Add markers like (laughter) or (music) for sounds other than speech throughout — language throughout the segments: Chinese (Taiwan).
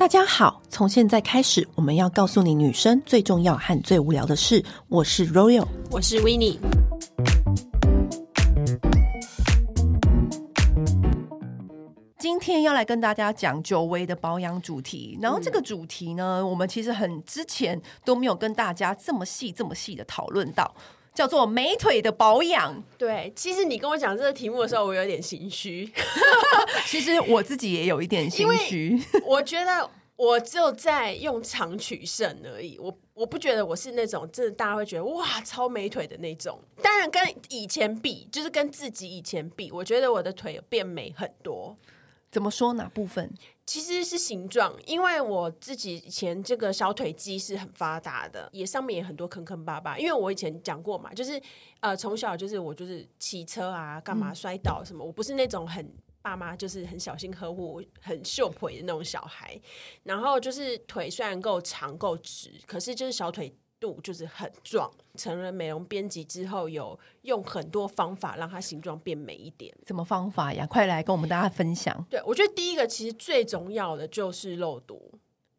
大家好，從現在開始，我們要告訴你女生最重要和最無聊的事。我是 Royal，我是 Winnie。今天要來跟大家講久違的保養主題，然後這個主題呢、嗯，我們其實很之前都沒有跟大家這麼細、這麼細的討論到，叫做美腿的保養。對，其實你跟我講這個題目的時候，我有點心虛。 (laughs) 其實我自己也有一點心虛， (laughs) 我覺得。我就在用長取勝而已，我我不覺得我是那種真的大家會覺得哇超美腿的那種。當然跟以前比，就是跟自己以前比，我覺得我的腿變美很多。怎麼說，哪部分？其實是形狀，因為我自己以前這個小腿肌是很發達的，也上面也很多坑坑巴巴。因為我以前講過嘛，就是呃從小就是我就是騎車啊幹嘛摔倒什麼、嗯，我不是那種很。爸媽就是很小心呵護、很秀腿的那種小孩，然後就是腿雖然夠長夠直，可是就是小腿肚就是很壯。成了美容編輯之後，有用很多方法讓它形狀變美一點。什麼方法呀？快來跟我們大家分享。對，我覺得第一個其實最重要的就是肉毒。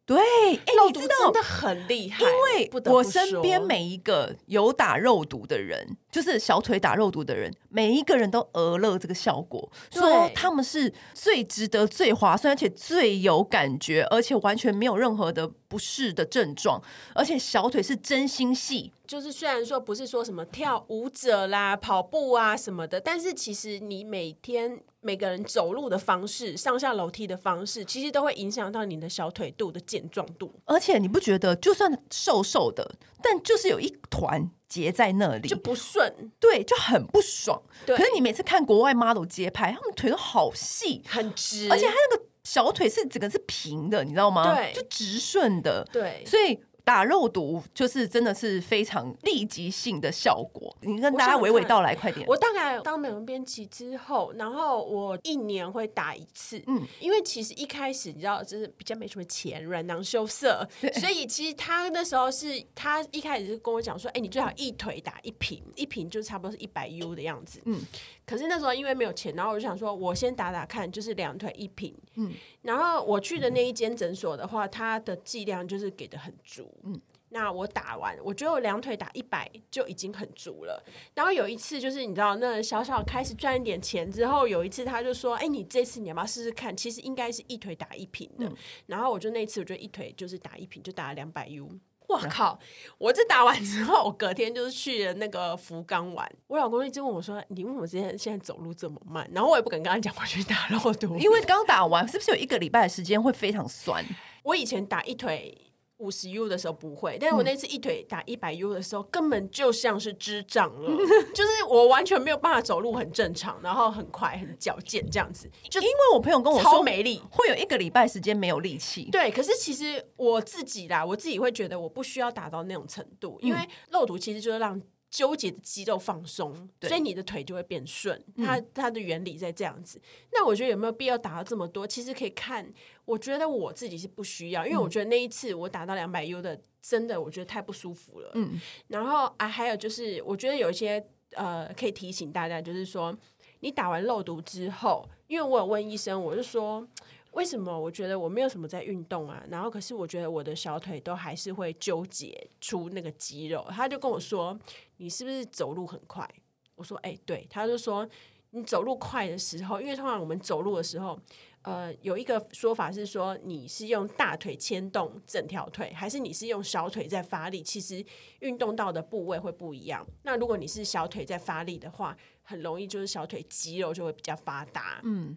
對，欸、你知道肉毒真的很厲害，因為我身邊每一個有打肉毒的人不不，就是小腿打肉毒的人，每一個人都得了這個效果，說他們是最值得、最划算，而且最有感覺，而且完全沒有任何的不適的症狀，而且小腿是真心細。就是雖然說不是說什麼跳舞者啦、跑步啊什麼的，但是其實你每天。每個人走路的方式、上下樓梯的方式，其實都會影響到你的小腿肚的健壯度。而且你不覺得，就算瘦瘦的，但就是有一團結在那裡，就不順，對，就很不爽。對，可是你每次看國外 model 街拍，他們腿都好細，很直，而且他那個小腿是整個是平的，你知道嗎？對，就直順的。對，所以。打肉毒就是真的是非常立即性的效果。你跟大家娓娓道來，快點！我大概當美容編輯之後，然後我一年會打一次。嗯，因為其實一開始你知道，就是比較沒什麼錢，阮囊羞澀，所以其實他那時候是他一開始是跟我講說：“哎、欸，你最好一腿打一瓶，一瓶就差不多是一百 U 的樣子。”嗯，可是那時候因為沒有錢，然後我就想說，我先打打看，就是兩腿一瓶。嗯。然後我去的那一間診所的話，他的劑量就是給的很足。嗯，那我打完，我覺得我兩腿打一百就已經很足了。然後有一次，就是你知道，那小小開始賺一點錢之後，有一次他就說：“哎，你這次你要不要試試看？其實應該是一腿打一瓶的。”嗯，然後我就那一次，我就一腿就是打一瓶，就打了兩百 U。我靠！我這打完之後，我隔天就是去了那個福岡玩。我老公一直問我說：“你為什麼今天現在走路這麼慢？”然後我也不敢跟他講我去打肉毒，因為剛打完，是不是有一個禮拜的時間會非常酸？ (laughs) 我以前打一腿。五十 u 的時候不會，但是我那次一腿打一百 u 的時候，嗯，根本就像是智障了， (laughs) 就是我完全沒有辦法走路，很正常，然後很快很矯健這樣子。就因為我朋友跟我說，超沒力，會有一個禮拜時間沒有力氣。對，可是其實我自己啦，我自己會覺得我不需要打到那種程度，因為肉毒其實就是讓。糾結的肌肉放鬆，所以你的腿就會變順。嗯、它它的原理在這樣子。那我覺得有沒有必要打到這麼多？其實可以看，我覺得我自己是不需要，嗯、因為我覺得那一次我打到兩百 U 的，真的我覺得太不舒服了。嗯、然後啊，還有就是，我覺得有一些呃，可以提醒大家，就是說，你打完肉毒之後，因為我有問醫生，我就說。為什麼我覺得我沒有什麼在運動啊？然後可是我覺得我的小腿都還是會糾結出那個肌肉。他就跟我說：“你是不是走路很快？”我說：“哎、欸，對。”他就說：“你走路快的時候，因為通常我們走路的時候，呃，有一個說法是說你是用大腿牽動整條腿，還是你是用小腿在發力？其實運動到的部位會不一樣。那如果你是小腿在發力的話，很容易就是小腿肌肉就會比較發達。”嗯。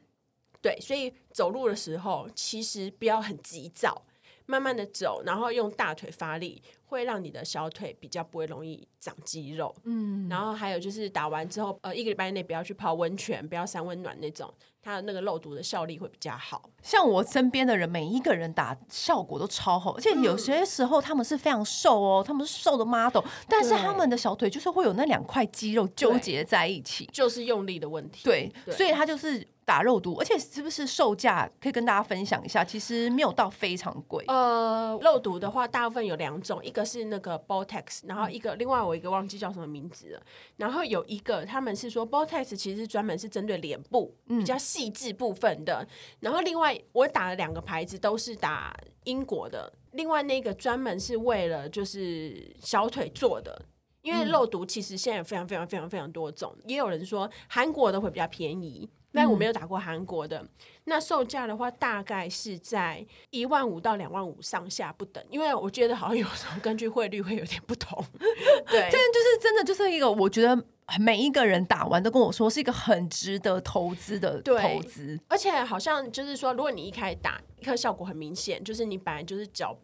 對，所以走路的時候其實不要很急躁，慢慢的走，然後用大腿發力，會讓你的小腿比較不會容易長肌肉。嗯，然後還有就是打完之後，呃，一個禮拜內不要去泡溫泉，不要三溫暖那種，它的那個肉毒的效力會比較好。像我身邊的人，每一個人打效果都超好，而且有些時候他們是非常瘦哦、嗯，他們是瘦的 model，但是他們的小腿就是會有那兩塊肌肉糾結在一起，就是用力的問題。對，所以他就是。打肉毒，而且是不是售價可以跟大家分享一下？其實沒有到非常貴。呃，肉毒的話，大部分有兩種，一個是那個 Botox，然後一個、嗯、另外我一個忘記叫什麼名字了。然後有一個他們是說 Botox，其實專門是針對臉部、嗯、比較細緻部分的。然後另外我打了兩個牌子，都是打英國的。另外那個專門是為了就是小腿做的，因為肉毒其實現在有非常非常非常非常多種。也有人說韓國的會比較便宜。但我沒有打過韓國的，那售價的話大概是在一萬五到兩萬五上下不等，因為我覺得好像有時候根據匯率會有點不同。 (laughs) 對，這就是真的就是一個，我覺得。每一個人打完都跟我說，是一個很值得投資的投資。對。而且好像就是說，如果你一開始打，立刻效果很明顯，就是你本來就是腳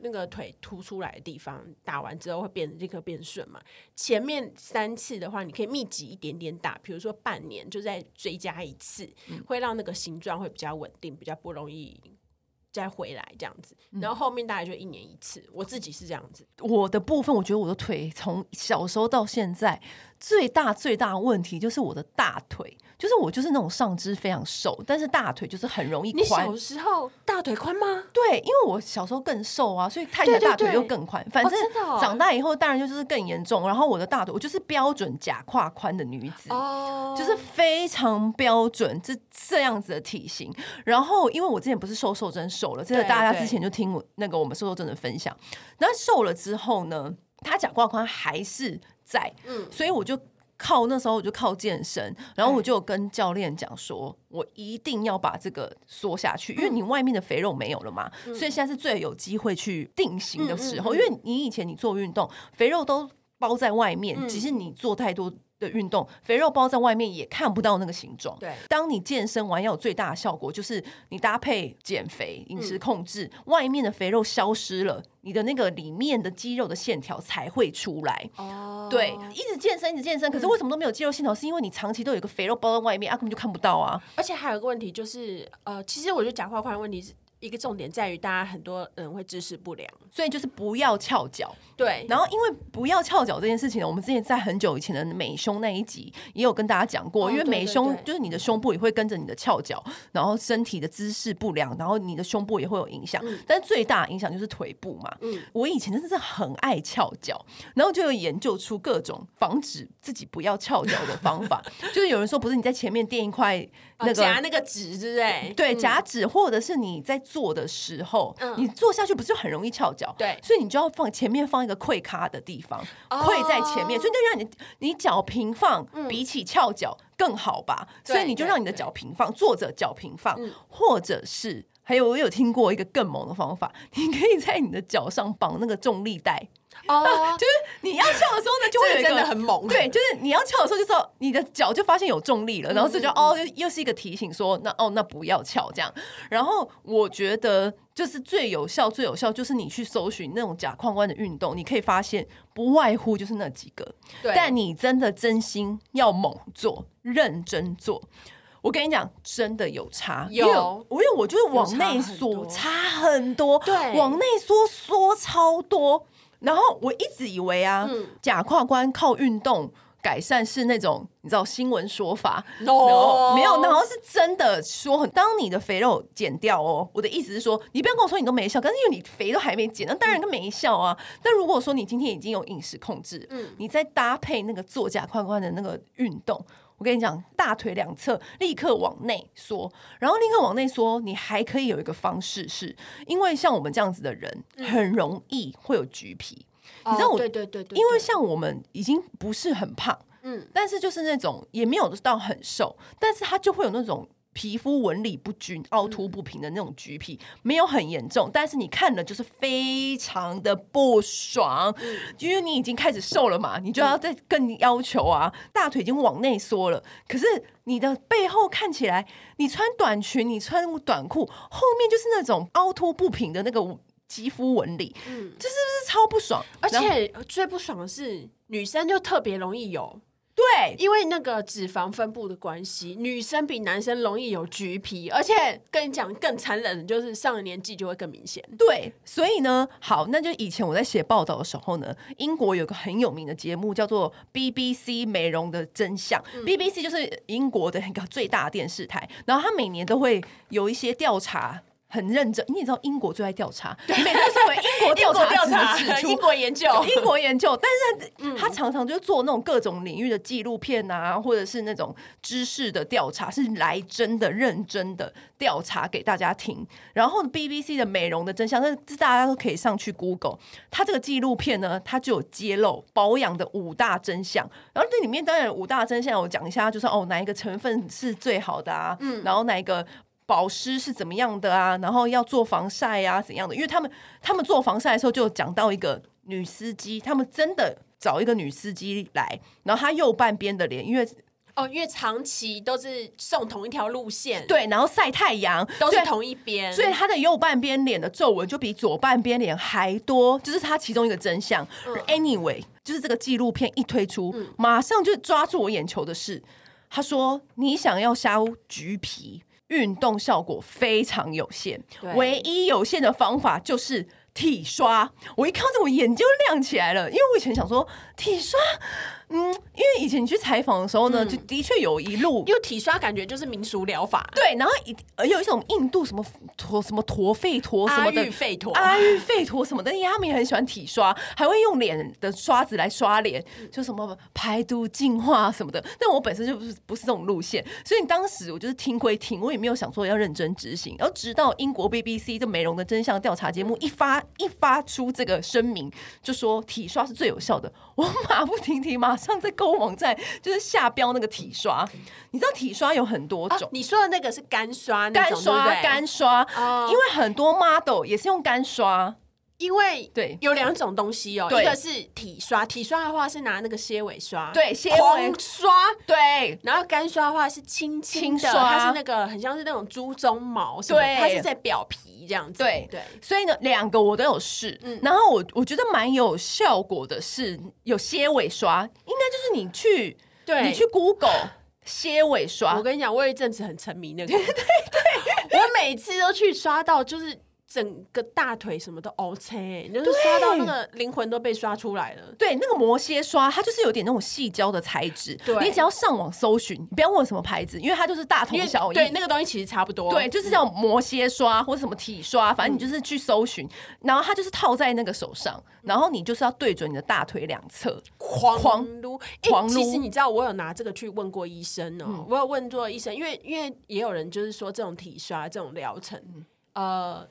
那個腿凸出來的地方，打完之後會變得立刻變順嘛。前面三次的話，你可以密集一點點打，比如說半年就再追加一次，會讓那個形狀會比較穩定，比較不容易，再回來這樣子，然後後面大概就一年一次。嗯、我自己是這樣子，我的部分，我覺得我的腿從小時候到現在，最大最大的問題就是我的大腿，就是我就是那種上肢非常瘦，但是大腿就是很容易寬。你小時候大腿寬嗎？對，因為我小時候更瘦啊，所以看起來大腿就更寬。反正長大以後當然就是更嚴重。然後我的大腿，我就是標準假胯寬的女子，哦，就是非常標準，這、就是、這樣子的體型。然後因為我之前不是瘦瘦真瘦。走了，真的，大家之前就聽我對對那個我們瘦瘦真的分享。那瘦了之後呢？他假跨寬還是在，嗯，所以我就靠那時候我就靠健身，然後我就跟教練講說、嗯，我一定要把這個縮下去，因為你外面的肥肉沒有了嘛，嗯、所以現在是最有機會去定型的時候，嗯嗯嗯，因為你以前你做運動，肥肉都包在外面，只、嗯、是你做太多。的運動，肥肉包在外面也看不到那個形狀。對，當你健身完要有最大的效果，就是你搭配減肥、飲食控制、嗯，外面的肥肉消失了，你的那個裡面的肌肉的線條才會出來。哦，對，一直健身，一直健身，嗯、可是為什麼都沒有肌肉線條？是因為你長期都有一個肥肉包在外面啊，根本就看不到啊。而且還有一個問題就是，呃，其實我覺得假胯寬的問題是。一個重點在於，大家很多人會姿勢不良，所以就是不要翹腳。對，然後因為不要翹腳這件事情呢，我們之前在很久以前的美胸那一集也有跟大家講過，因為美胸就是你的胸部也會跟着你的翹腳，然後身體的姿勢不良，然後你的胸部也會有影響。但最大影響就是腿部嘛。嗯，我以前真的是很愛翹腳，然後就有研究出各種防止自己不要翹腳的方法。 (laughs) 就是有人說，不是你在前面墊一塊那個夾那個紙，對不對？對，夾紙，或者是你在。坐的時候，嗯，你坐下去不是很容易翹腳，對，所以你就要放前面放一個跪卡的地方，跪、哦、在前面，所以就讓你你腳平放，比起翹腳更好吧，嗯？所以你就讓你的腳平放，嗯、坐着腳平放對對對，或者是還有我有聽過一個更猛的方法，你可以在你的腳上綁那個重力帶。哦、oh. 啊，就是你要翹的時候呢，就會 (laughs) 真的很猛。對，就是你要翹的時候，就知道你的腳就發現有重力了， (laughs) 嗯嗯嗯然後這就哦，又又是一個提醒說，那哦那不要翹這樣。然後我覺得就是最有效、最有效，就是你去搜尋那種假胯寬的運動，你可以發現不外乎就是那幾個。對，但你真的真心要猛做、認真做，我跟你講，真的有差。有，因為我就是往內縮差，差很多，對，往內縮縮超多。然後我一直以為啊，嗯、假胯寬靠運動改善是那種你知道新聞說法，no，然後沒有，然後是真的說很，當你的肥肉減掉哦。我的意思是說，你不要跟我說你都沒效，可是因為你肥都還沒減，那當然跟沒效啊，嗯。但如果說你今天已經有飲食控制，嗯，你再搭配那個做假胯寬的那個運動。我跟你講，大腿兩側立刻往內縮，然後立刻往內縮。你還可以有一個方式是，是因為像我們這樣子的人，嗯、很容易會有橘皮。哦、你知道我，對，對對對對，因為像我們已經不是很胖，嗯，但是就是那種也沒有到很瘦，但是他就會有那種。皮膚紋理不均、凹凸不平的那種橘皮沒有很嚴重，但是你看了就是非常的不爽。因為你已經開始瘦了嘛，你就要再更要求啊。大腿已經往內縮了，可是你的背後看起來，你穿短裙、你穿短褲，後面就是那種凹凸不平的那個肌膚紋理，嗯，這是不是超不爽？而且最不爽的是女生就特別容易有。對，因為那個脂肪分布的關係，女生比男生容易有橘皮，而且跟你講更殘忍的就是上了年紀就會更明顯。對，所以呢，好，那就以前我在寫報道的時候呢，英國有個很有名的節目叫做 BBC 美容的真相，嗯，BBC 就是英國的一個最大電視台，然後它每年都會有一些調查。很認真，你也知道英國最愛調查，對，美每天作英國調查， (laughs) 調查、調查、英國研究、 (laughs) 英國研究， (laughs) 但是他、嗯、常常就做那種各種領域的紀錄片啊，或者是那種知識的調查，是來真的、認真的調查給大家聽。然後 BBC 的美容的真相，但是大家都可以上去 Google，它這個紀錄片呢，它就有揭露保養的五大真相。然後那裡面當然有五大真相，我講一下，就是說哦哪一個成分是最好的啊？嗯、然後哪一個。保濕是怎麼樣的啊？然後要做防曬啊，怎樣的？因為他們他們做防曬的時候就講到一個女司機，他們真的找一個女司機來，然後她右半邊的臉，因為哦，因為長期都是送同一條路線，對，然後曬太陽都是同一邊，所以她的右半邊臉的皺紋就比左半邊臉還多，就是她其中一個真相。嗯、anyway，就是這個紀錄片一推出，馬上就抓住我眼球的是，嗯、他說你想要削橘皮。運動效果非常有限，唯一有限的方法就是體刷。我一看到我眼睛亮起來了，因為我以前想說體刷。嗯，因為以前你去採訪的時候呢，嗯、就的確有一路因為體刷，感覺就是民俗療法。對，然後一還有一種印度什麼陀什麼陀吠陀什麼的吠陀阿育吠陀什麼的，阿陀阿陀什麼的他們也很喜歡體刷，還會用臉的刷子來刷臉，就什麼排毒淨化什麼的。但我本身就不是不是這種路線，所以你當時我就是聽歸聽，我也沒有想說要認真執行。然後直到英國 BBC 這美容的真相調查節目一發、嗯、一發出這個聲明，就說體刷是最有效的，我馬不停蹄馬。像在購物網站就是下標那個體刷，你知道體刷有很多種，啊、你說的那個是乾刷，乾刷，乾刷，乾刷、哦，因為很多 model 也是用乾刷。因為對，有兩種東西哦，一個是體刷，體刷的話是拿那個蠍尾刷，對，蠍尾刷，對，然後乾刷的話是輕輕的，輕刷，它是那個很像是那種豬鬃毛什麼，對，它是在表皮這樣子，對對。所以呢，兩個我都有試，嗯、然後我我覺得蠻有效果的是有蠍尾刷，應該就是你去，對你去 Google 蠍尾刷，我跟你講，我有一陣子很沉迷那個，對對，我每次都去刷到就是。整個大腿什麼都 OK，欸、就是、刷到那個靈魂都被刷出來了。對，那個魔蠍刷，它就是有點那種矽膠的材質。對，你只要上網搜尋，你不要問什麼牌子，因為它就是大同小異。對，那個東西其實差不多。對，就是叫魔蠍刷或者什麼體刷、嗯，反正你就是去搜尋，然後它就是套在那個手上，然後你就是要對準你的大腿兩側，狂擼狂擼、欸。其實你知道，我有拿這個去問過醫生哦、喔嗯，我有問過醫生，因為因為也有人就是說這種體刷這種療程、嗯，呃。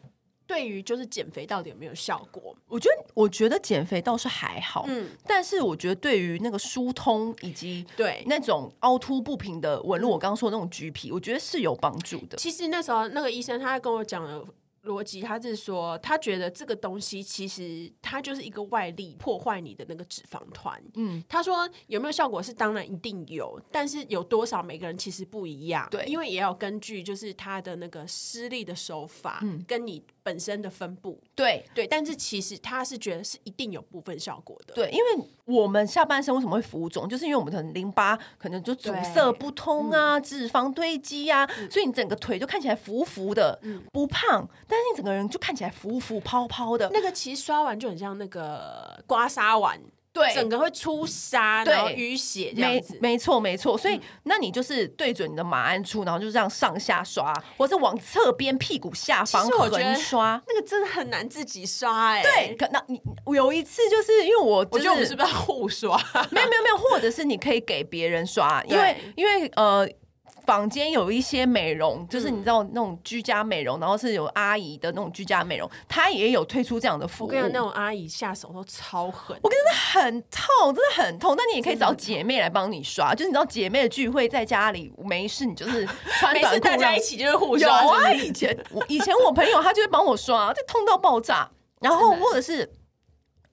對於就是減肥到底有沒有效果？我覺得，我覺得減肥倒是還好，嗯，但是我覺得對於那個疏通以及對那種凹凸不平的紋路、嗯，我剛剛說的那種橘皮，我覺得是有幫助的。其實那時候那個醫生他還跟我講了。邏輯，他是說，他覺得這個東西其實它就是一個外力破壞你的那個脂肪團。嗯，他說有沒有效果？是當然一定有，但是有多少每個人其實不一樣。對，因為也要根據就是他的那個施力的手法，跟你本身的分布。嗯、對對，但是其實他是覺得是一定有部分效果的。對，因為我們下半身為什麼會浮腫，就是因為我們可能淋巴可能就阻塞不通啊，對，脂肪堆積呀、啊嗯，所以你整個腿就看起來浮浮的，嗯、不胖，但是你整個人就看起來浮浮泡泡的，那個其實刷完就很像那個刮痧完，對，整個會出痧、嗯，然後淤血這樣子。沒沒錯沒錯，所以、嗯、那你就是對準你的馬鞍處，然後就這樣上下刷，或是往側邊、屁股下方橫刷。那個真的很難自己刷哎、欸。對，可那你有一次就是因為我、就是、我覺得我們是不是要互刷？ (laughs) 沒有沒有沒有，或者是你可以給別人刷， (laughs) 因為因為呃。坊間有一些美容，就是你知道那種居家美容、嗯，然後是有阿姨的那種居家美容，她也有推出這樣的服務。我跟你講，那種阿姨下手都超狠，我真的很痛，真的很痛。但你也可以找姐妹來幫你刷，是就是你知道姐妹的聚會，在家裡沒事，你就是穿短褲 (laughs) 沒事大家一起就是互刷、啊就是。以前我以前我朋友他就會幫我刷，就痛到爆炸， (laughs) 然後或者是。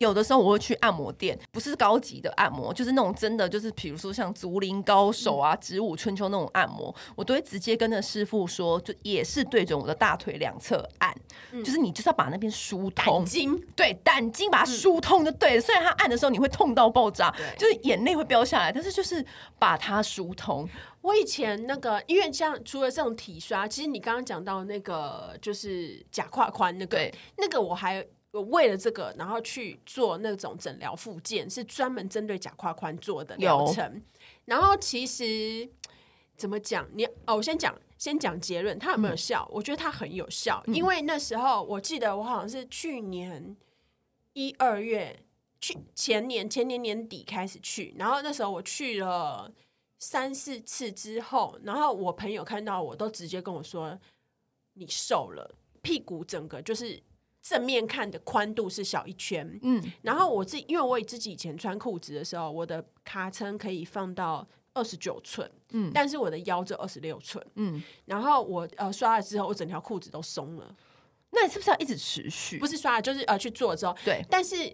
有的時候我會去按摩店，不是高級的按摩，就是那種真的，就是比如說像竹林高手啊、嗯、植物春秋那種按摩，我都會直接跟那師傅說，就也是對準我的大腿兩側按，嗯，就是你就是要把那邊疏通筋，對膽經把它疏通就對了、嗯。雖然他按的時候你會痛到爆炸，就是眼淚會飆下來，但是就是把它疏通。我以前那個，因為像除了這種體刷，其實你剛剛講到那個就是假胯寬那個，那個我還。我為了這個，然後去做那種診療復健，是專門針對假胯寬做的療程。然後其實怎麼講？你哦，我先講，先講結論，它有沒有效、嗯？我覺得它很有效，嗯、因為那時候我記得我好像是去年一二月去，前年前年年底開始去，然後那時候我去了三四次之後，然後我朋友看到我都直接跟我說，你瘦了，屁股整個就是。正面看的寬度是小一圈，嗯，然後我自己，因為我自己以前穿褲子的時候，我的卡稱可以放到二十九寸，嗯，但是我的腰就二十六寸，嗯，然後我呃刷了之後，我整條褲子都鬆了。那你是不是要一直持續？不是刷了，就是呃去做之後，對。但是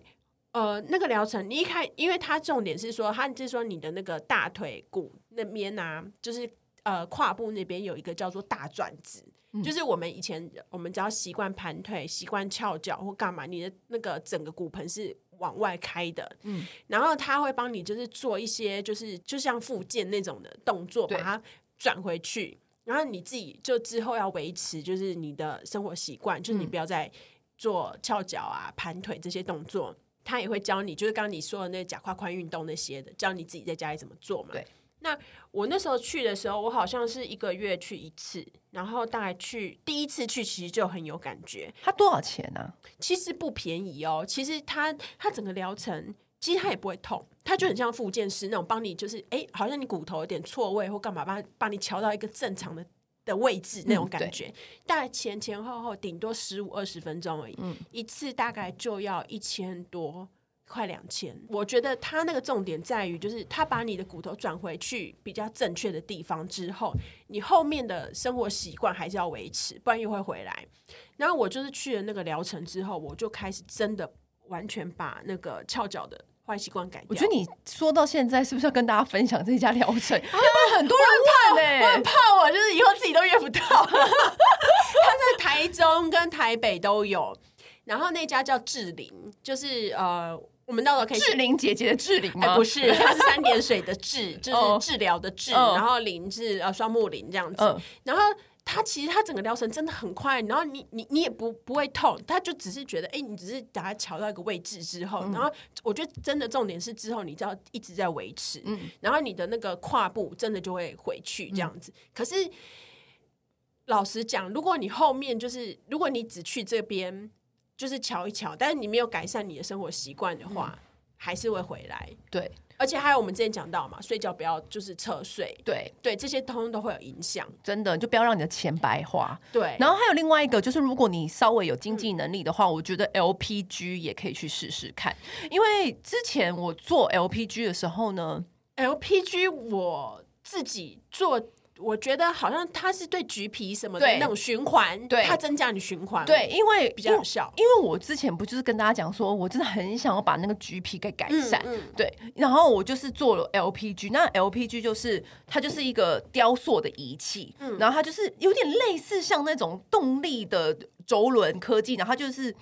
呃，那個療程你一看，因為它重點是說，它，就是說你的那個大腿骨那邊啊，就是呃胯部那邊有一個叫做大轉子。就是我們以前，嗯、我們只要習慣盤腿、習慣翹腳或幹嘛，你的那個整個骨盆是往外開的。嗯、然後他會幫你就是做一些、就是，就是就像復健那種的動作，把它轉回去。然後你自己就之後要維持，就是你的生活習慣、嗯，就是你不要再做翹腳啊、盤腿這些動作。他也會教你，就是剛剛你說的那個假胯寬運動那些的，教你自己在家裡怎麼做嘛？對。那我那時候去的時候，我好像是一個月去一次，然後大概去第一次去其實就很有感覺。它多少錢呢、啊？其實不便宜哦。其實它它整個療程，其實它也不會痛，它、嗯、就很像復健師那種幫你，就是哎、嗯欸，好像你骨頭有點錯位或幹嘛把，把你喬到一個正常的的位置那種感覺。嗯、大概前前後後頂多十五二十分鐘而已、嗯，一次大概就要一千多。快兩千，我覺得他那個重點在於，就是他把你的骨頭轉回去比較正確的地方之後，你後面的生活習慣還是要維持，不然又會回來。然後我就是去了那個療程之後，我就開始真的完全把那個翹腳的壞習慣改掉。我覺得你說到現在，是不是要跟大家分享這家療程？因、啊、為、啊、很多人怕呢，我很怕欸，我很怕我，就是以後自己都約不到。 (laughs) (laughs) 他在台中跟台北都有，然後那家叫治林，就是呃。我們到時候可以志玲姐姐的志玲，哎、不是，它 (laughs) 是三點水的治， (laughs) 就是治療的治、oh.，然後林是啊，雙木林這樣子。Oh. 然後它其實它整個療程真的很快，然後你你你也不不會痛，它就只是覺得哎、欸，你只是把它調到一個位置之後、嗯，然後我覺得真的重點是之後你只要一直在維持，嗯，然後你的那個胯部真的就會回去這樣子。嗯、可是老實講，如果你後面就是如果你只去這邊。就是瞧一瞧，但是你沒有改善你的生活習慣的話、嗯，還是會回來。對，而且還有我們之前講到嘛，睡覺不要就是側睡，對對，這些通通都會有影響。真的，就不要讓你的錢白花。對，然後還有另外一個，就是如果你稍微有經濟能力的話、嗯，我覺得 LPG 也可以去試試看。因為之前我做 LPG 的時候呢，LPG 我自己做。我覺得好像它是對橘皮什麼的那種循環，對，它增加你循環，對，因為比較小。因為我之前不就是跟大家講說，我真的很想要把那個橘皮給改善，嗯嗯、對，然後我就是做了 LPG，那 LPG 就是它就是一個雕塑的儀器、嗯，然後它就是有點類似像那種動力的軸輪科技，然後它就是。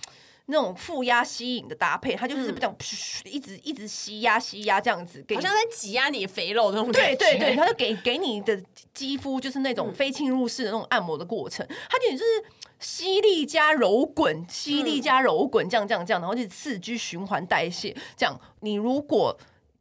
那種負壓吸引的搭配，它就是噗噗，一直一直吸壓吸壓這樣子，好像在擠壓你肥肉那種感覺。對對對，它就給給你的肌膚就是那種非侵入式的那種按摩的過程，它就是吸力加揉滾，吸力加揉滾，這樣這樣這樣，然後就是刺激循環代謝。這樣，你如果。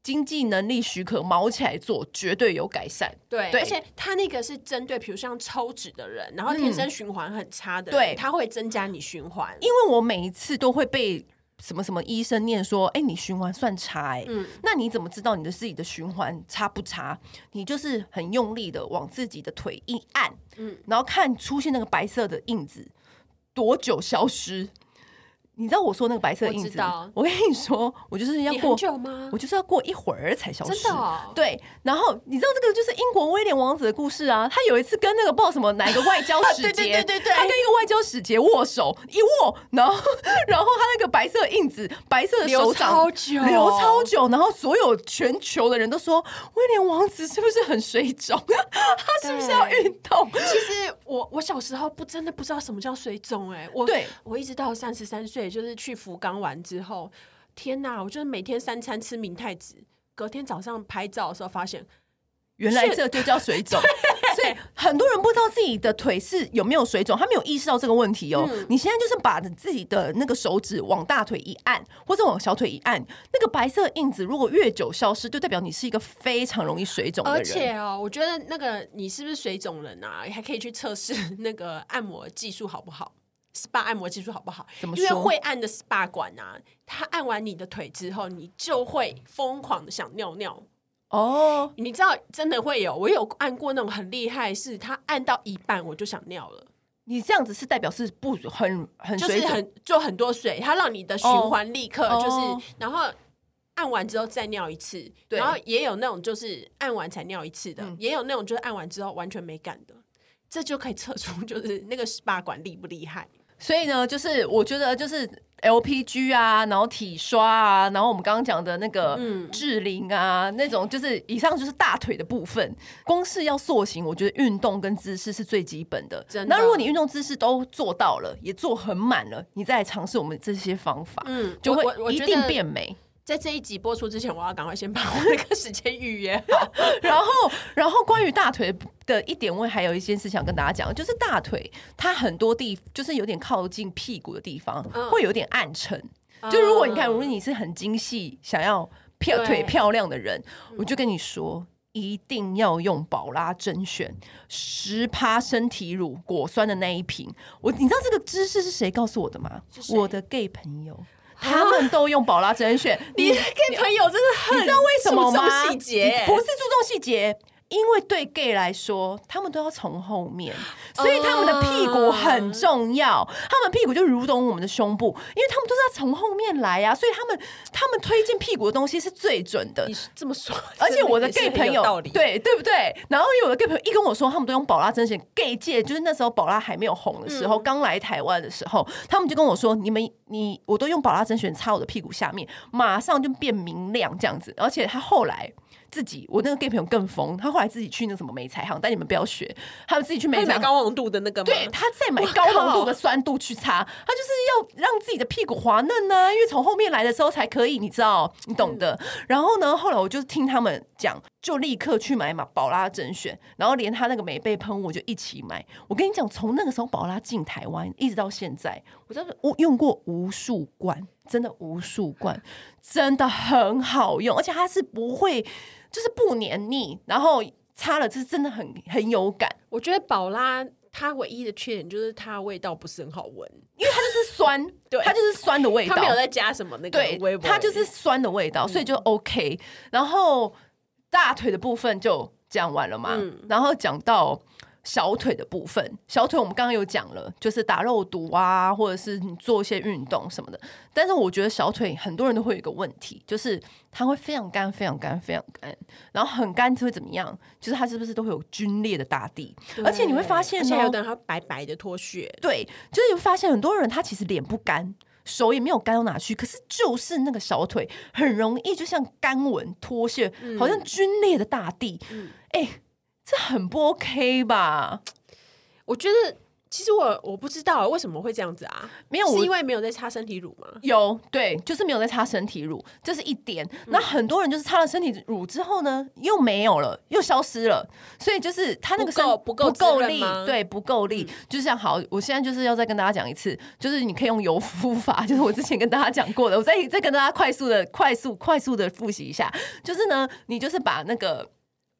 經濟能力許可，卯起來做絕對有改善。對，對而且它那個是針對，比如像抽脂的人，然後天生循環很差的人，對、嗯，它會增加你循環。因為我每一次都會被什麼什麼醫生念說：“哎、欸，你循環算差、欸嗯、那你怎麼知道你的自己的循環差不差？你就是很用力的往自己的腿一按、嗯，然後看出現那個白色的印子多久消失。你知道我說那個白色印子，我知道，我跟你說，我就是要過、哦、我就是要過一會兒才消失、哦。對，然後你知道這個就是英國威廉王子的故事啊。他有一次跟那個不知道什麼哪一個外交使節， (laughs) 對，對，對對對對，他跟一個外交使節握手一握，然後 (laughs) 然後他那個白色印子白色的手掌流超久，流超久，然後所有全球的人都說威廉王子是不是很水腫？ (laughs) 他是不是要運動？其實我我小時候不真的不知道什麼叫水腫哎、欸，我對我一直到三十三歲。就是去福岡玩之後，天哪！我就是每天三餐吃明太子，隔天早上拍照的時候發現，原來這就叫水腫。 (laughs) 所以很多人不知道自己的腿是有沒有水腫，他沒有意識到這個問題哦。嗯，你現在就是把自己的那個手指往大腿一按，或者往小腿一按，那個白色的印子如果越久消失，就代表你是一個非常容易水腫的人。而且哦，我覺得那個你是不是水腫人啊？你還可以去測試那個按摩技術好不好？SPA 按摩技術好不好？因為會按的 SPA 館啊，他按完你的腿之後，你就會瘋狂的想尿尿哦。Oh, 你知道真的會有，我有按過那種很厲害，是他按到一半我就想尿了。你這樣子是代表是不很很隨、就是、很就很多水，他讓你的循環立刻就是，oh, oh. 然後按完之後再尿一次。然後也有那種就是按完才尿一次的，嗯、也有那種就是按完之後完全沒感的。這就可以測出就是那個 SPA 館厲不厲害。所以呢，就是我覺得，就是 LPG 啊，然後體刷啊，然後我們剛剛講的那個治林啊、嗯，那種就是以上就是大腿的部分。光是要塑形，我覺得運動跟姿勢是最基本的。那如果你運動姿勢都做到了，也做很滿了，你再嘗試我們這些方法、嗯，就會一定變美。在這一集播出之前，我要趕快先把我那個時間預約好。 (laughs) 然後，然後關於大腿的一點，我還有一件事想跟大家講，就是大腿它很多地就是有點靠近屁股的地方、呃、會有點暗沉。就如果你看，呃、如果你是很精細、想要漂腿漂亮的人，我就跟你說，嗯、一定要用寶拉甄選十趴身體乳果酸的那一瓶。我你知道這個知識是誰告訴我的嗎？我的 gay 朋友。他們都用寶拉珍選，你，你，你跟朋友真是很，你知道為什麼嗎？注重細節不是注重細節。因為對 gay 來說，他們都要從後面，所以他們的屁股很重要。Oh. 他們屁股就如同我們的胸部，因為他們都是要從後面來啊。所以他們他們推薦屁股的東西是最準的。你是這麼說？而且我的 gay 朋友，對對不對？然後有的 gay 朋友一跟我說，他們都用寶拉珍選 gay 界就是那時候寶拉還沒有紅的時候，剛、嗯、來台灣的時候，他們就跟我說：“你們，你我都用寶拉珍選擦我的屁股下面，馬上就變明亮這樣子。”而且他後來。自己，我那個 gay 朋友更瘋，他後來自己去那什麼美彩行，但你們不要學，他們自己去美買高濃度的那個嗎？對，他再買高濃度的酸度去擦，他就是要讓自己的屁股滑嫩呢、啊，因為從後面來的時候才可以，你知道，你懂的。嗯、然後呢，後來我就聽他們講。就立刻去買嘛，寶拉甄選，然後連他那個美背噴霧就一起買。我跟你講，從那個時候寶拉進台灣一直到現在，我真的我用過無數罐，真的無數罐，真的很好用，而且它是不會就是不黏膩，然後擦了，這是真的很很有感。我覺得寶拉它唯一的缺點就是它的味道不是很好聞，因為它就是酸，對，它就是酸的味道。 (laughs) 它沒有在加什麼那個微微，對，它就是酸的味道，所以就 OK。嗯、然後。大腿的部分就講完了嘛，嗯，然後講到小腿的部分，小腿我們剛剛有講了，就是打肉毒啊，或者是你做一些運動什麼的。但是我覺得小腿很多人都會有一個問題，就是它會非常乾，非常乾，非常乾。然後很乾就會怎麼樣？就是它是不是都會有皸裂的大地？而且你會發現，還有點白白的脫屑。對，就是你會發現很多人他其實臉不乾。手也沒有乾到哪去，可是就是那個小腿很容易，就像乾紋脫屑，好像皸裂的大地。哎、嗯嗯欸，這很不 OK 吧？我覺得。其實我我不知道為什麼會這樣子啊，沒有我是因為沒有在擦身體乳嗎？有，對，就是沒有在擦身體乳，這、就是一點、嗯。那很多人就是擦了身體乳之後呢，又沒有了，又消失了，所以就是它那個不夠不夠力，對，不夠力。嗯、就是好，我現在就是要再跟大家講一次，就是你可以用油敷法，就是我之前跟大家講過的，我再再跟大家快速的、快速、快速的複習一下，就是呢，你就是把那個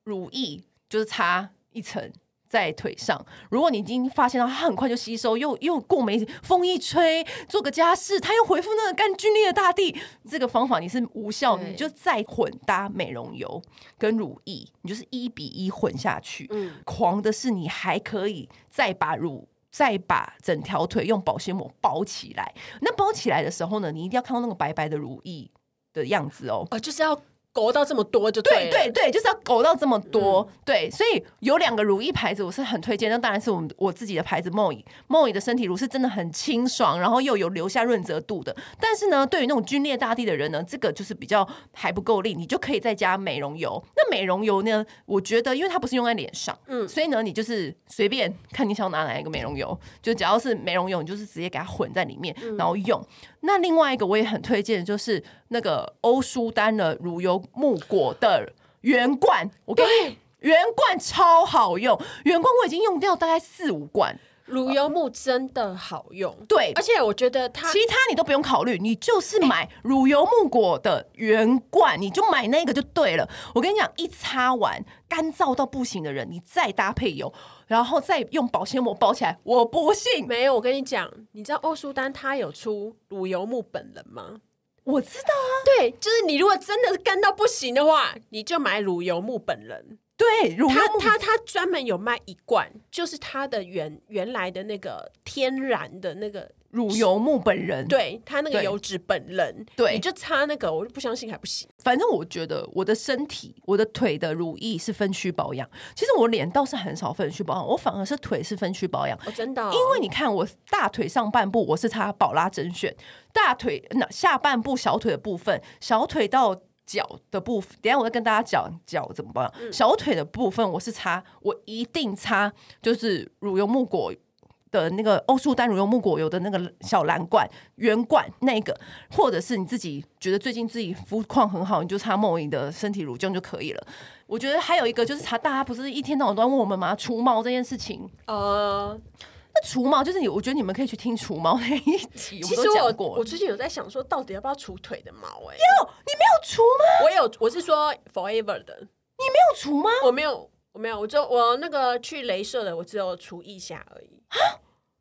乳液就是擦一層。在腿上，如果你已經發現到它很快就吸收，又又過沒風一吹，做個家事，它又回復那個乾皸裂的大地，這個方法你是無效，你就再混搭美容油跟乳液，你就是一比一混下去。嗯，狂的是你還可以再把乳，再把整條腿用保鮮膜包起來。那包起來的時候呢，你一定要看到那個白白的乳液的樣子哦。啊，就是要。勾到這麼多就對了。對對對，就是要勾到這麼多，嗯、對，所以有兩個乳液牌子，我是很推薦。那當然是我們我自己的牌子夢影，夢影的身體乳是真的很清爽，然後又有留下潤澤度的。但是呢，對於那種皸裂大地的人呢，這個就是比較還不夠力，你就可以再加美容油。那美容油呢，我覺得因為它不是用在臉上，嗯，所以呢，你就是隨便看你想要拿哪一個美容油，就只要是美容油，你就是直接給它混在裡面，嗯、然後用。那另外一個我也很推薦，就是那個歐舒丹的乳油木木果的原罐，我跟你講，原罐超好用，原罐我已經用掉大概四五罐，乳油木真的好用，對，而且我覺得它其他你都不用考慮，你就是買乳油木果的原罐，欸、你就買那個就對了。我跟你講，一擦完乾燥到不行的人，你再搭配油，然後再用保鮮膜包起來，我不信。沒有，我跟你講，你知道歐舒丹它有出乳油木本人嗎？我知道啊，對，就是你如果真的是乾到不行的話，你就買乳油木本人。對，乳油木他他，他專門有賣一罐，就是它的原原來的那個天然的那個。乳油木本人，對他那個油脂本人，對，你就擦那個，我就不相信還不行。反正我覺得我的身體，我的腿的乳液是分區保養。其實我臉倒是很少分區保養，我反而是腿是分區保養，哦，真的哦。因為你看我大腿上半部我是擦寶拉珍選，大腿那下半部小腿的部分，小腿到腳的部分，等下我再跟大家講腳怎麼保養，嗯，小腿的部分我是擦，我一定擦，就是乳油木果。的那個歐舒丹乳油木果油的那個小藍罐圓罐那個，或者是你自己覺得最近自己膚況很好，你就擦夢影的身體乳，這樣就可以了。我覺得還有一個就是，查大家不是一天到晚都在問我們嘛，除毛這件事情。呃，那除毛就是你，我覺得你們可以去聽除毛那一集，其實我我最近有在想說，到底要不要除腿的毛，欸？哎，有你沒有除嗎？我有，我是說 forever 的，你沒有除嗎？我沒有。我沒有，我就我那個去雷射的，我只有除一下而已。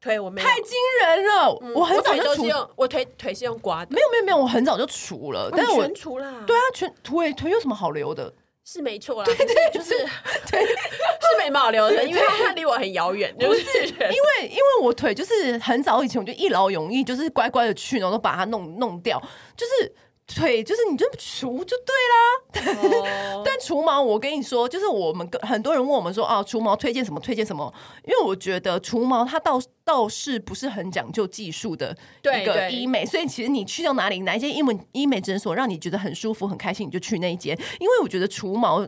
腿，我沒有太驚人了，嗯。我很早就除，我腿是我腿，腿是用刮的。沒有沒有沒有，我很早就除了，但是，啊，全除了。對啊，全腿腿有什麼好留的？是沒錯啦，對對，是就是腿， (laughs) 是沒毛留的，因為它離我很遙遠。不是，就是， (laughs) 因為因為我腿就是很早以前我就一勞永逸，就是乖乖的去，然後都把它弄弄掉，就是。對，就是你這麼除就對啦。 (laughs) oh. 但除毛，我跟你說，就是我們很多人問我們說，哦、啊，除毛推薦什麼？推薦什麼？因為我覺得除毛它倒倒是不是很講究技術的一個醫美，所以其實你去到哪裡，哪一些醫美醫美診所讓你覺得很舒服、很開心，你就去那一間。因為我覺得除毛。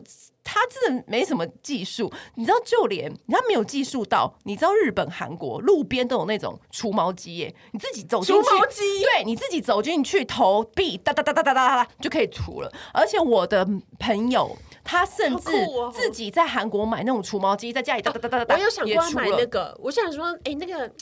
他真的沒什麼技術，你知道，就連他沒有技術到，你知道日本、韓國路邊都有那種除毛機耶，你自己走進去，除毛機，對，你自己走進去投幣，噠噠噠噠噠噠噠，就可以除了。而且我的朋友他甚至自己在韓國買那種除毛機，在家裡噠噠噠噠噠，我有想過要買那個，我想說，哎、欸，那個。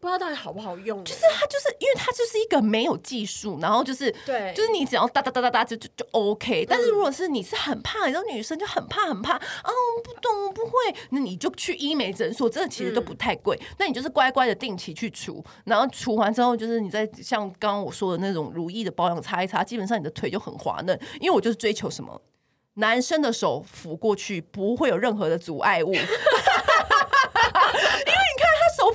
不知道到底好不好用。欸，就是它，就是因為它就是一個沒有技術，然後就是對，就是你只要噠噠噠噠噠就就就 OK。但是如果是你是很怕，你知、嗯、道女生就很怕很怕，啊、哦、我不懂不會，那你就去醫美診所，真、這、的、個，其實都不太貴、嗯。那你就是乖乖的定期去除，然後除完之後，就是你再像剛剛我說的那種乳液的保養擦一擦，基本上你的腿就很滑嫩。因為我就是追求什麼，男生的手撫過去不會有任何的阻礙物。 (laughs) (laughs)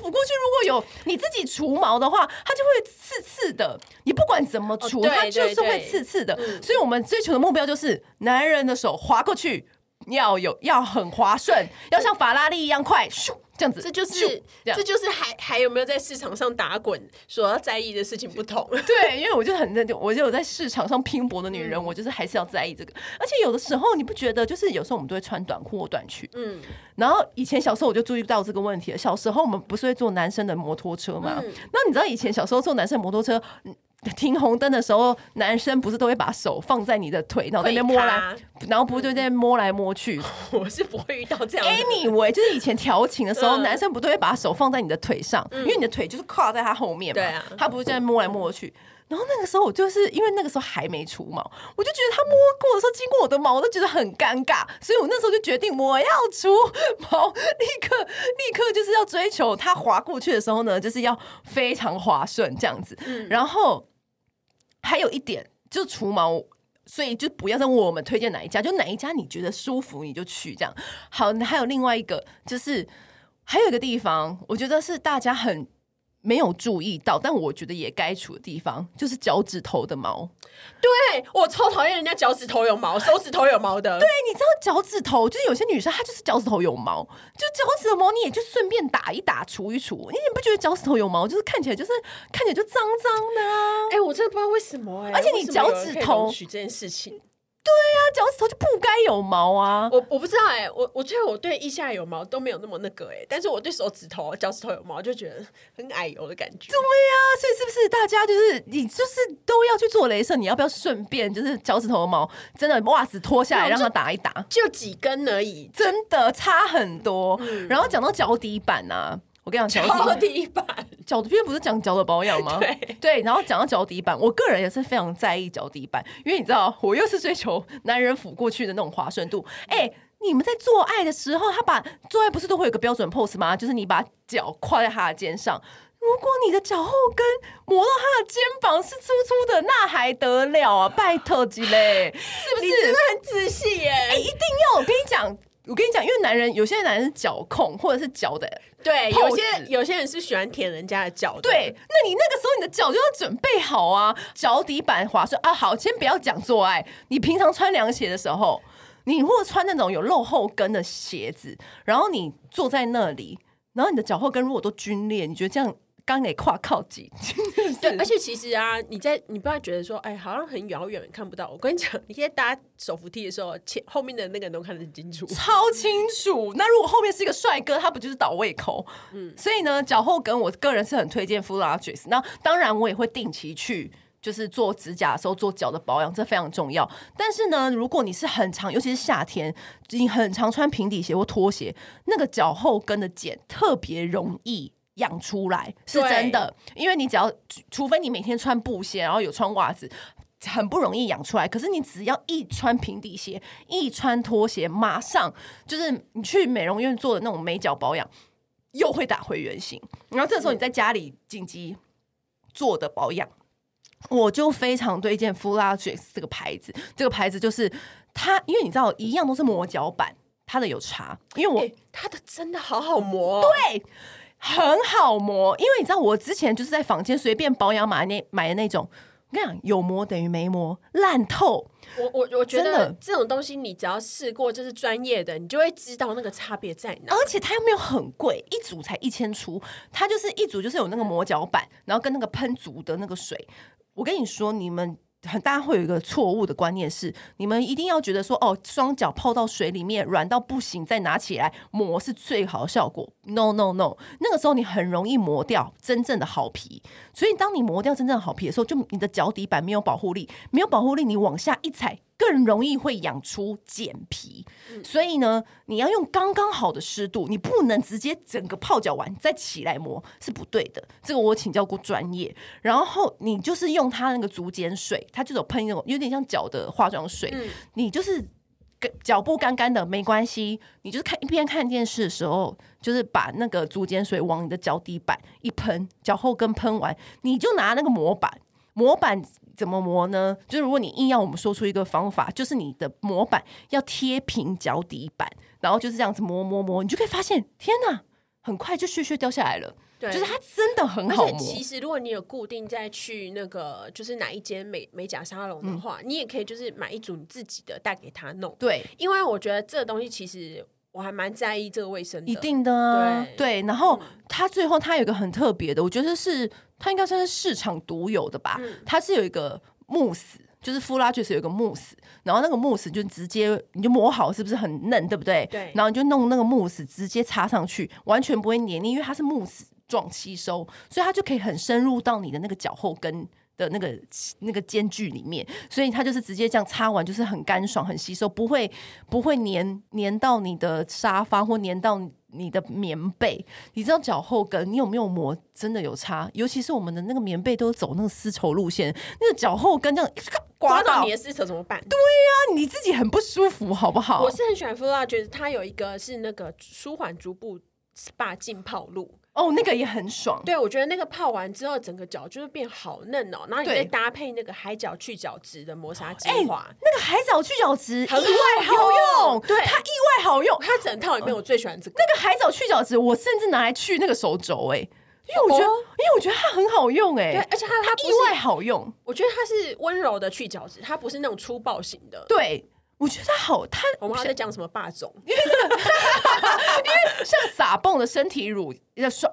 我過去如果有你自己除毛的話，它就會刺刺的。你不管怎麼除，哦、對對對，它就是會刺刺的、嗯。所以我們追求的目標就是，男人的手滑過去要有要很滑順，要像法拉利一樣快，咻。這樣子，這就是，這，這就是還還有沒有在市場上打滾所要在意的事情不同？對， (laughs) 因為我就很認真，我就有在市場上拼搏的女人，我就是還是要在意這個。而且有的時候，你不覺得就是有時候我們都會穿短褲或短裙，嗯，然後以前小時候我就注意到這個問題了。小時候我們不是會坐男生的摩托車嘛、嗯？那你知道以前小時候坐男生摩托車？停紅燈的時候，男生不是都會把手放在你的腿，然後那邊摸來，然後不就在摸來摸去。 (laughs) 我是不會遇到這樣的。Anyway, 就是以前調情的時候、嗯，男生不都會把手放在你的腿上，嗯、因為你的腿就是跨在他後面嘛。嗯、他不是這樣摸來摸去。然後那個時候，我就是因為那個時候還沒出毛，我就覺得他摸過的時候，經過我的毛，我都覺得很尷尬。所以我那時候就決定，我要出毛，立刻立刻就是要追求他滑過去的時候呢，就是要非常滑順這樣子，嗯、然後。還有一點，就除毛，所以就不要再問我們推薦哪一家，就哪一家你覺得舒服你就去這樣。好，還有另外一個，就是還有一個地方，我覺得是大家很。沒有注意到，但我覺得也該除的地方就是腳趾頭的毛。對 (laughs) 我超討厭人家腳趾頭有毛，手指頭有毛的。 (laughs) 對，你知道腳趾頭就是有些女生她就是腳趾頭有毛，就腳趾頭毛你也就順便打一打除一除。你也不覺得腳趾頭有毛就是看起來就是看起來就髒髒的、啊？哎、欸，我真的不知道為什麼、欸。而且你腳趾頭容許這件事情。對呀、啊，腳趾頭就不該有毛啊！我我不知道哎、欸，我我覺得我對腋下有毛都沒有那麼那個哎、欸，但是我對手指頭、腳趾頭有毛就覺得很矮油的感覺。對呀、啊，所以是不是大家就是你就是都要去做雷射？你要不要順便就是腳趾頭的毛，真的襪子脫下來讓它打一打就？就幾根而已，真的差很多。嗯、然後講到腳底板啊。我跟你講，腳底板。腳這邊不是講腳的保養嗎？對。對，然後講到腳底板，我個人也是非常在意腳底板，因為你知道，我又是追求男人撫過去的那種滑順度。哎、欸，你們在做愛的時候，他把做愛不是都會有一個標準 pose 嗎？就是你把腳跨在他的肩上，如果你的腳後跟磨到他的肩膀是粗粗的，那還得了啊？拜託，姐妹，是不是？真的很仔細誒哎，一定要我跟你講。我跟你講，因為男人，有些男人腳控或者是腳的，對，有些有些人是喜歡舔人家的腳，對。那你那個時候你的腳就要準備好啊，腳底板滑順啊。好，先不要講做愛，你平常穿涼鞋的時候，你或穿那種有露後跟的鞋子，然後你坐在那裡，然後你的腳後跟如果都皲裂，你覺得這樣？剛給跨靠緊，對， (laughs) 而且其實啊，你在你不要覺得說，哎，好像很遙遠看不到。我跟你講，你現在搭手扶梯的時候，前後面的那個人都看得很清楚，超清楚。 (laughs) 那如果後面是一個帥哥，他不就是倒胃口？嗯，所以呢，腳後跟，我個人是很推薦 Footlogix。那當然，我也會定期去，就是做指甲的時候做腳的保養，這非常重要。但是呢，如果你是很常，尤其是夏天，你很常穿平底鞋或拖鞋，那個腳後跟的繭特別容易。養出來是真的，因為你只要除非你每天穿布鞋，然後有穿襪子，很不容易養出來。可是你只要一穿平底鞋，一穿拖鞋，馬上就是你去美容院做的那種美腳保養，又會打回原形。然後這時候你在家裡緊急做的保養、嗯，我就非常推薦 f u l l a j i x 這個牌子。這個牌子就是它，因為你知道一樣都是磨腳板，它的有差，因為我、欸、它的真的好好磨、哦，對。很好磨，因為你知道我之前就是在坊間隨便保養買那買的那種。我跟你講，有磨等於沒磨，爛透。我我我覺得真的這種東西，你只要試過就是專業的，你就會知道那個差別在哪。而且它又沒有很貴，一組才一千出，它就是一組就是有那個磨腳板，然後跟那個噴足的那個水。我跟你說，你們。很大家會有一個錯誤的觀念是，你們一定要覺得說，哦，雙腳泡到水裡面軟到不行，再拿起來磨是最好效果。No No No，那個時候你很容易磨掉真正的好皮。所以，當你磨掉真正的好皮的時候，就你的腳底板沒有保護力，沒有保護力，你往下一踩。更容易會養出繭皮，嗯，所以呢，你要用剛剛好的濕度，你不能直接整個泡腳完再起來磨，是不對的。這個我請教過專業，然後你就是用它那個足繭水，它就有噴一種有點像腳的化妝水，嗯，你就是腳部乾干的沒關係，你就是看一邊看電視的時候，就是把那個足繭水往你的腳底板一噴，腳後跟噴完，你就拿那個磨板磨板。怎麼磨呢？就是如果你硬要我們說出一個方法，就是你的磨板要貼平腳底板，然後就是這樣子磨磨磨，你就可以發現，天哪，很快就屑屑掉下來了。對，就是它真的很好磨。其實如果你有固定在去那個就是哪一間美美甲沙龍的話、嗯，你也可以就是買一組你自己的帶給他弄。對，因為我覺得這個東西其實。我還蠻在意這個衛生的，一定的，啊，對。然後它最後它有一個很特別的，嗯、我覺得是它應該算是市場獨有的吧。嗯、它是有一個慕斯，就是 Footlogix 就是有一個慕斯，然後那個慕斯就直接你就磨好，是不是很嫩，對不對？對，然後你就弄那個慕斯直接擦上去，完全不會黏膩，因為它是慕斯狀吸收，所以它就可以很深入到你的那個腳後跟，的那個那個間距裡面，所以它就是直接這樣擦完，就是很乾爽、很吸收，不會不會粘粘到你的沙發或粘到你的棉被。你知道腳後跟你有沒有磨？真的有差，尤其是我們的那個棉被都走那個絲綢路線，那個腳後跟這樣刮到，刮到你的絲綢怎麼辦？對呀、啊，你自己很不舒服，好不好？我是很喜歡敷拉，覺得它有一個是那個舒緩足部 SPA 浸泡露。哦、oh，那個也很爽。對，我覺得那個泡完之後，整個腳就會變好嫩哦、喔。然後你再搭配那個海藻去角質的磨砂精華、oh, 欸，那個海藻去角質意,意外好用，對它意外好用。它整套裡面我最喜歡這個。呃、那個海藻去角質，我甚至拿來去那個手肘、欸，哎，因為我覺得，oh, oh. 因為我覺得它很好用、欸，對，而且它它意外好用，我覺得它是溫柔的去角質，它不是那種粗暴型的，對。我覺得他好它我們現在講什麼霸總 (laughs) 因為像撒泵 (laughs) 像的身體乳，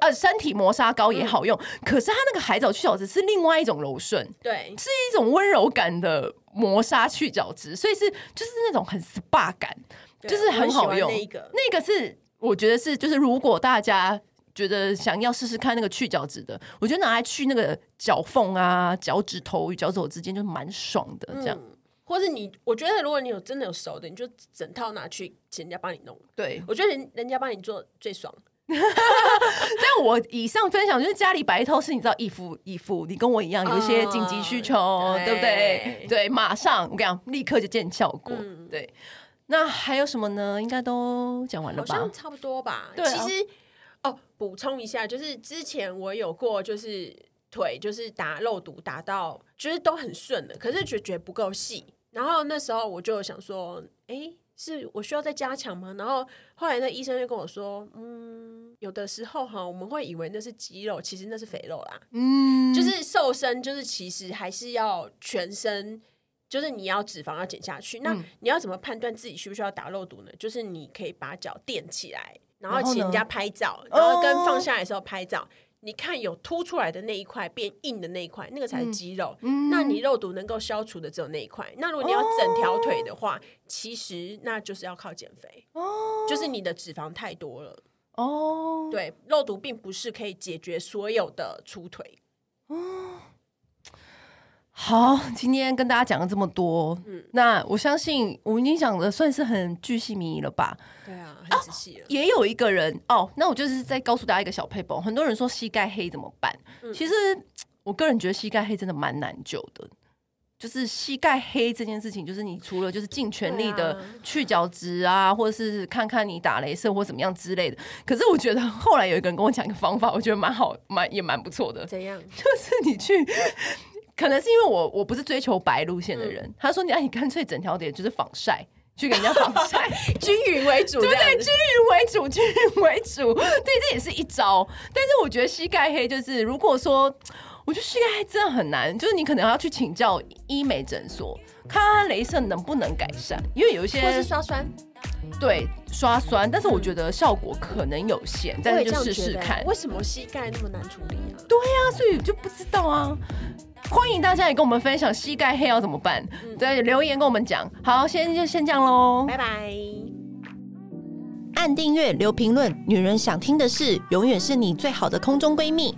呃，身體磨砂膏也好用、嗯，可是它那個海藻去角質是另外一種柔順，對，是一種溫柔感的磨砂去角質，所以是就是那種很 SPA 感，就是很好用。那個那個是我覺得是就是如果大家覺得想要試試看那個去角質的，我覺得拿來去那個腳縫啊、腳趾頭與腳趾頭之間就蠻爽的，這樣、嗯。或是你，我覺得如果你有真的有熟的，你就整套拿去請人家幫你弄。對，我覺得人人家幫你做最爽。 (laughs) (laughs) (laughs) 但我以上分享就是家裡白頭，是你知道一付一付，你跟我一樣有一些緊急需求，對、嗯、不對？對，馬上我跟你講，立刻就見效果、嗯。對，那還有什麼呢？應該都講完了吧？好像差不多吧。對啊、其實哦，補充一下，就是之前我有過，就是腿就是打肉毒，打到。就是都很順的，可是就覺得不夠細。然後那時候我就想說，哎、欸，是我需要再加強嗎？然後後來那醫生就跟我說，嗯，有的時候哈，我們會以為那是肌肉，其實那是肥肉啦。嗯，就是瘦身，就是其實還是要全身，就是你要脂肪要減下去。那你要怎麼判斷自己需不需要打肉毒呢？就是你可以把腳踮起來，然後請人家拍照然，然後跟放下來的時候拍照。哦你看有凸出來的那一塊，變硬的那一塊，那個才是肌肉。嗯嗯、那你肉毒能夠消除的只有那一塊。那如果你要整條腿的話、哦，其實那就是要靠減肥、哦、就是你的脂肪太多了、哦、對，肉毒並不是可以解決所有的粗腿、哦。好，今天跟大家講了這麼多。嗯，那我相信我已經講得算是很巨細靡遺了吧？對啊，很仔細了。也有一個人哦，那我就是再告訴大家一個小配方。很多人說膝蓋黑怎麼辦？嗯，其實我個人覺得膝蓋黑真的蠻難救的。就是膝蓋黑這件事情，就是你除了就是盡全力的去角質啊，啊，或者是看看你打雷射或怎麼樣之類的。可是我覺得後來有一個人跟我講一個方法，我覺得蠻好，蠻也蠻不錯的。怎樣？就是你去。 (laughs) 可能是因為我我不是追求白路線的人。嗯、他說你、啊：“你哎，你乾脆整條臉就是防曬，去給人家防曬， (laughs) (laughs) 均勻為主，對不對，均勻為主，均勻為主。對，這也是一招。但是我覺得膝蓋黑就是，如果說我覺得膝蓋黑真的很難，就是你可能要去請教醫美診所，看看雷射能不能改善。因為有一些是刷酸，對，刷酸，但是我覺得效果可能有限，但是就試試看我覺得、啊。為什麼膝蓋那麼難處理啊？對啊，所以我就不知道啊。”歡迎大家也跟我們分享膝蓋黑要怎麼辦？嗯、對，留言跟我們講。好，今天就先這樣嘍，拜拜。按訂閱，留評論，女人想聽的事，永遠是你最好的空中閨蜜。